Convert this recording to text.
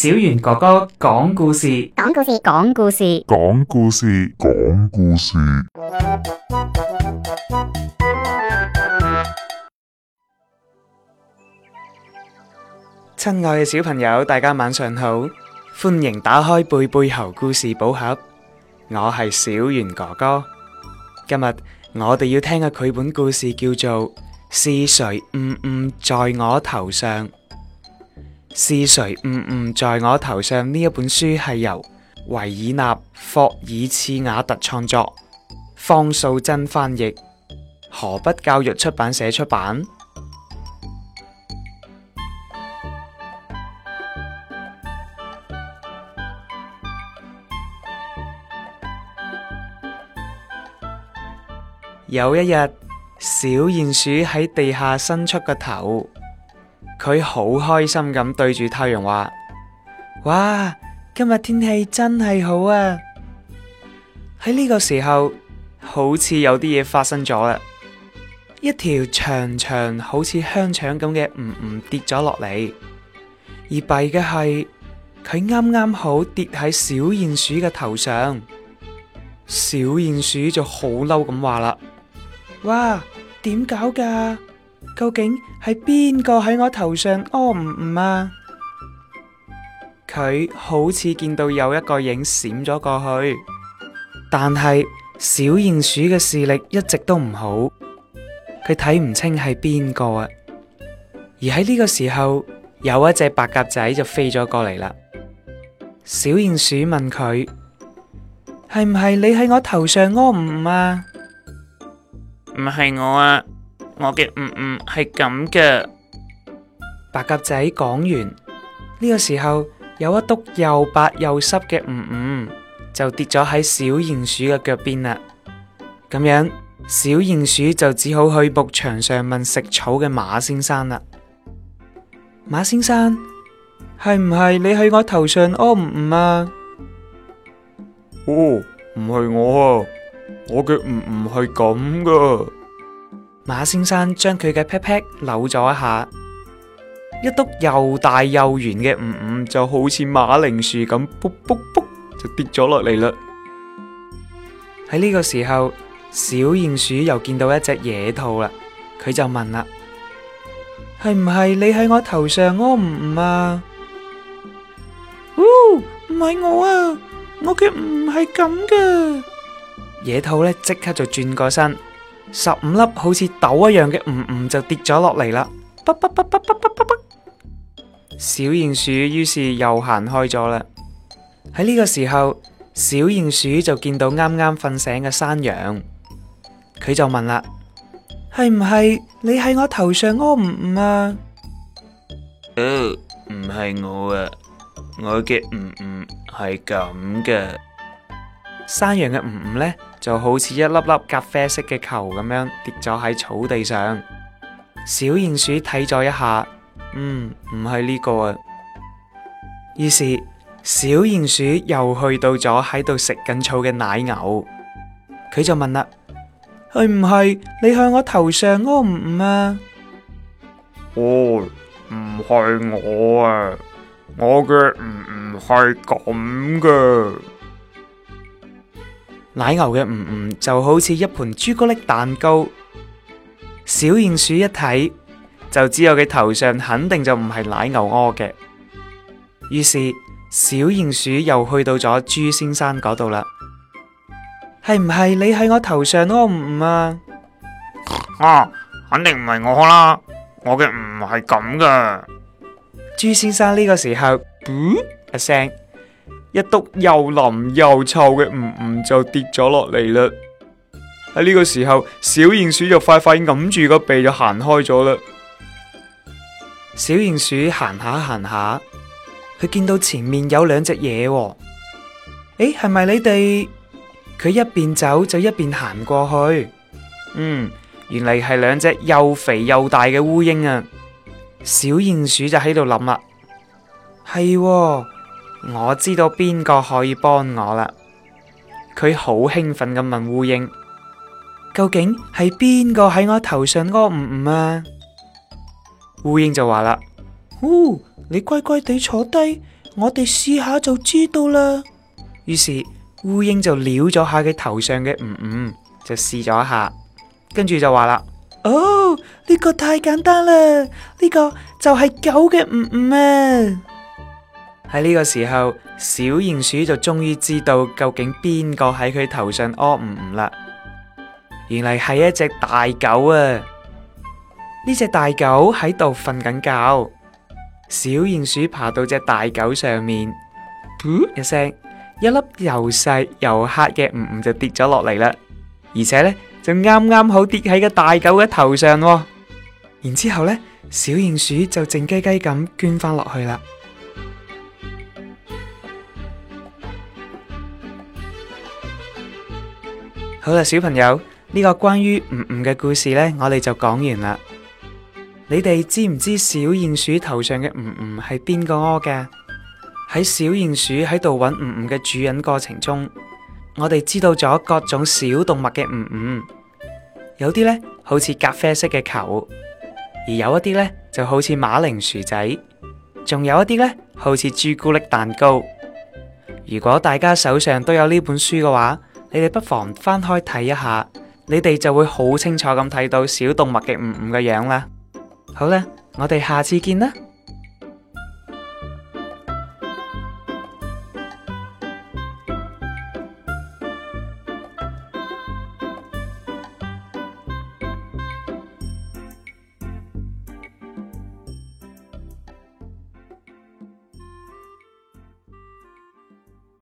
小袁哥哥講故事，講故事，講故事，講故事，講故事。親愛嘅小朋友，大家晚上好，歡迎打開貝貝猴故事寶盒，我係小袁哥哥。今日我哋要聽嘅繪本故事叫做《是誰嗯嗯在我頭上》。是誰嗯嗯在我頭上？呢一本書係由維爾納霍爾茨瓦特創作，方素珍翻譯，河北教育出版社出版。 有一日，小鼴鼠喺地下伸出個頭。佢好開心咁對住太陽話：哇，今日天氣真係好啊！喺呢個時候，好似有啲嘢發生咗啦。一條長長好似香腸咁嘅嗯嗯跌咗落嚟，而弊嘅係佢啱啱好跌喺小鼹鼠嘅頭上，小鼹鼠就好嬲咁話啦：哇，點搞噶？究竟係邊個喺我頭上屙唔唔啊？佢好似見到有一個影閃咗過去，但係小鼹鼠嘅視力一直都唔好，佢睇唔清係邊個啊！而喺呢個時候，有一隻白鴿仔就飛咗過嚟啦。小鼹鼠問佢：係唔係你喺我頭上屙唔唔啊？唔係我啊！我嘅唔唔係咁嘅。白鴿仔講完，呢個時候，有一篤又白又濕嘅唔唔就跌咗喺小鼹鼠嘅腳邊啦。咁樣小鼹鼠就只好去牧場上問食草嘅馬先生啦。馬先生，係唔係你喺我頭上屙唔唔啊？哦，唔係我啊，我嘅唔唔係咁噶。馬先生將佢嘅屁屁扭咗一下，一篤又大又圓嘅唔唔，就好似馬鈴薯咁，噗噗噗就跌咗落嚟啦。喺呢個時候，小鼹鼠又見到一隻野兔啦，佢就問啦：係唔係你喺我頭上屙唔唔啊？哦，唔係我啊，我嘅唔係咁噶。野兔咧即刻就轉過身。十五粒好似豆一樣嘅唔唔就跌咗落嚟啦！小鼴鼠於是又行開咗啦。喺呢個時候，小鼴鼠就見到啱啱瞓醒嘅山羊，佢就問啦：係唔係你喺我頭上屙唔唔啊？唔係、哦、我啊，我嘅唔唔係咁嘅。山羊嘅唔唔呢，就好似一粒粒咖啡色嘅球咁樣跌咗喺草地上。小鼹鼠睇咗一下，嗯，唔係呢個啊。於是小鼹鼠又去到咗喺度食緊草嘅奶牛，佢就問啦，係唔係你向我頭上屙唔唔啊？哦，唔係我啊，我嘅唔唔係咁嘅。奶牛嘅嗯嗯就好似一盤朱古力蛋糕，小鼹鼠一睇就知道我嘅頭上肯定就唔係奶牛屙嘅，於是小鼹鼠又去到咗朱先生嗰度啦。係唔係你喺我頭上屙嗯嗯啊？啊，肯定唔係我啦，我嘅嗯嗯係咁嘅。朱先生呢個時候，噗一聲。啊聲一篤又腍又臭嘅嗯嗯就跌咗落嚟嘞。喺呢個時候，小鼹鼠就快快揞住個鼻就行開咗嘞。小鼹鼠行下行下，佢見到前面有兩隻嘢，誒、欸，係咪你哋？佢一邊走就一邊行過去，嗯，原嚟係兩隻又肥又大嘅烏蠅啊！小鼹鼠就喺度諗啦，係、哦。我知道邊個可以幫我啦，佢好興奮咁問烏蠅：究竟係邊個喺我頭上個嗯嗯啊？烏蠅就話啦：哦，你乖乖地坐低，我哋試下就知道啦。於是烏蠅就撩咗下佢頭上嘅嗯嗯，就試咗一下，跟住就話啦：哦，呢個太簡單啦，呢個就係狗嘅嗯嗯啊！喺呢個時候，小鼹鼠就終於知道究竟邊個喺佢頭上屙唔唔啦。原嚟係一隻大狗啊！呢隻大狗喺度瞓緊覺，小鼹鼠爬到隻大狗上面，噗、嗯、一聲，一粒又細又黑嘅唔唔就跌咗落嚟啦。而且呢，就啱啱好跌喺個大狗嘅頭上啊。然之後呢，小鼹鼠就靜雞雞咁捐翻落去啦。好啦，小朋友，呢個關於唔唔嘅故事呢，我哋就講完啦。你哋知唔知小鼴鼠頭上嘅唔唔係邊個屙嘅？喺小鼴鼠喺度揾唔唔嘅主人過程中，我哋知道咗各種小動物嘅唔唔，有啲呢好似咖啡色嘅球，而有一啲呢就好似馬鈴薯仔，仲有一啲呢好似朱古力蛋糕。如果大家手上都有呢本書嘅話，你哋不妨翻開睇一下，你哋就會好清楚咁睇到小動物嘅嗯嗯嘅樣啦。好啦，我哋下次見啦。